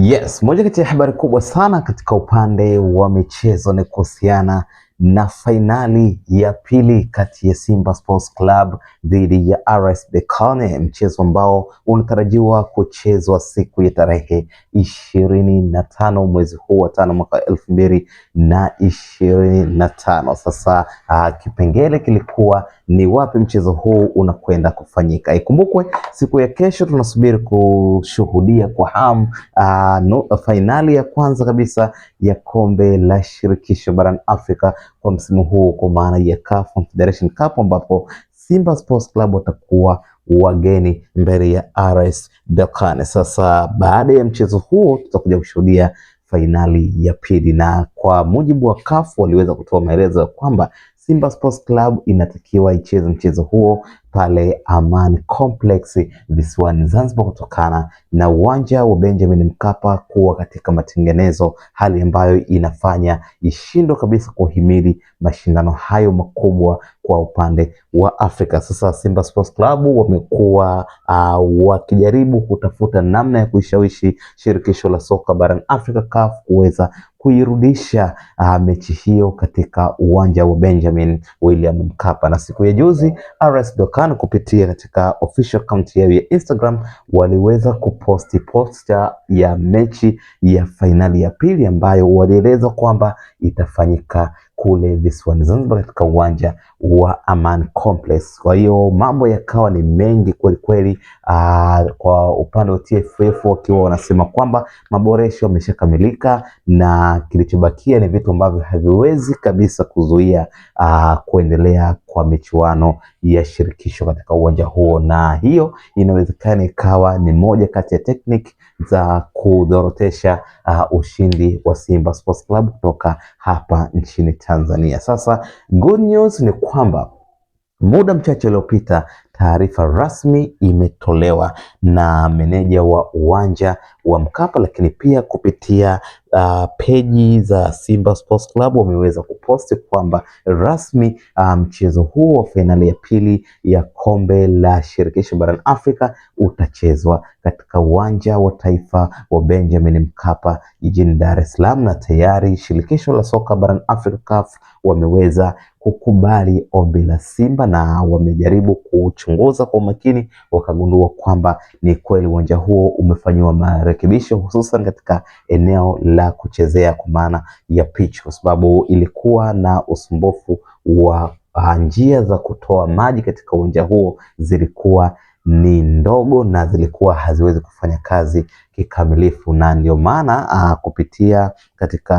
Yes, moja kati ya habari kubwa sana katika upande wa michezo ni kuhusiana na fainali ya pili kati ya Simba Sports Club dhidi ya RS Berkane, mchezo ambao unatarajiwa kuchezwa siku ya tarehe ishirini na tano mwezi huu wa tano mwaka elfu mbili na ishirini na tano. Sasa uh, kipengele kilikuwa ni wapi mchezo huu unakwenda kufanyika. Ikumbukwe siku ya kesho tunasubiri kushuhudia kwa hamu uh, no, fainali ya kwanza kabisa ya kombe la shirikisho barani Afrika kwa msimu huu kwa maana ya CAF Confederation Cup ambapo Simba Sports Club watakuwa wageni mbele ya RS Berkane. Sasa baada ya mchezo huo tutakuja kushuhudia fainali ya pili, na kwa mujibu wa CAF waliweza kutoa maelezo ya kwamba Simba Sports Club inatakiwa icheze mchezo huo pale Aman Complex visiwani Zanzibar, kutokana na uwanja wa Benjamin Mkapa kuwa katika matengenezo, hali ambayo inafanya ishindwa kabisa kuhimili mashindano hayo makubwa kwa upande wa Afrika. Sasa Simba Sports Club wamekuwa uh, wakijaribu kutafuta namna ya kuishawishi shirikisho la soka barani Afrika CAF kuweza kuirudisha uh, mechi hiyo katika uwanja wa Benjamin William Mkapa, na siku ya juzi RS Berkane Khan kupitia katika official account yao ya Instagram waliweza kuposti poster ya mechi ya fainali ya pili ambayo walieleza kwamba itafanyika kule visiwani Zanzibar katika uwanja wa Aman Complex. Kwa hiyo mambo yakawa ni mengi kweli kweli. Ah, kwa upande wa TFF wakiwa wanasema kwamba maboresho yameshakamilika na kilichobakia ni vitu ambavyo haviwezi kabisa kuzuia aa, ah, kuendelea kwa michuano ya shirikisho katika uwanja huo, na hiyo inawezekana ikawa ni moja kati ya tekniki za kudhorotesha uh, ushindi wa Simba Sports Club kutoka hapa nchini Tanzania. Sasa good news ni kwamba muda mchache uliopita taarifa rasmi imetolewa na meneja wa uwanja wa Mkapa, lakini pia kupitia uh, peji za Simba Sports Club wameweza kuposti kwamba rasmi ah, mchezo um, wa fainali ya pili ya kombe la shirikisho barani Afrika utachezwa katika uwanja wa taifa wa Benjamin Mkapa jijini Dar es Salaam, na tayari shirikisho la soka barani Afrika CAF wameweza kukubali ombi la Simba na wamejaribu kuchunguza kwa umakini, wakagundua kwamba ni kweli uwanja huo umefanyiwa marekebisho hususan katika eneo la kuchezea kwa maana ya pitch, kwa sababu ilikuwa na usumbufu wa ah, njia za kutoa maji katika uwanja huo zilikuwa ni ndogo na zilikuwa haziwezi kufanya kazi kikamilifu, na ndio maana ah, kupitia katika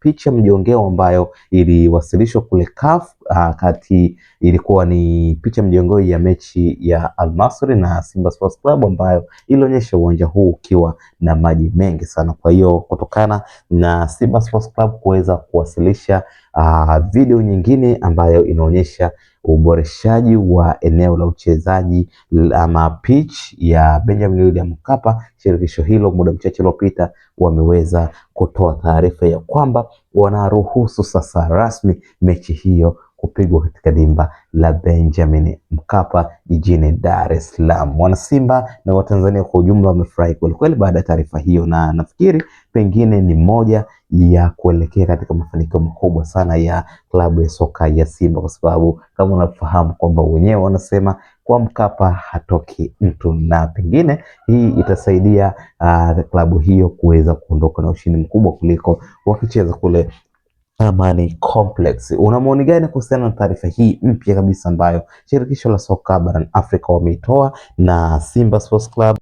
picha mjongeo ambayo iliwasilishwa kule CAF ah, kati, ilikuwa ni picha mjongeo ya mechi ya Almasri na Simba Sports Club ambayo ilionyesha uwanja huu ukiwa na maji mengi sana. Kwa hiyo kutokana na Simba Sports Club kuweza kuwasilisha aa, ah, video nyingine ambayo inaonyesha uboreshaji wa eneo la uchezaji ama pitch ya Benjamin William Mkapa. Shirikisho hilo muda mchache uliopita wameweza kutoa taarifa ya kwamba wanaruhusu sasa rasmi mechi hiyo kupigwa katika dimba la Benjamin Mkapa jijini Dar es Salaam. Wanasimba na Watanzania kwa ujumla wamefurahi kwelikweli baada ya taarifa hiyo, na nafikiri pengine ni moja ya kuelekea katika mafanikio makubwa sana ya klabu ya soka ya Simba, kwa sababu kama unafahamu kwamba wenyewe wanasema kwa Mkapa hatoki mtu, na pengine hii itasaidia uh, klabu hiyo kuweza kuondoka na ushindi mkubwa kuliko wakicheza kule Amani Complex. Una maoni gani kuhusiana na taarifa hii mpya kabisa ambayo shirikisho la soka barani Afrika wameitoa na Simba Sports Club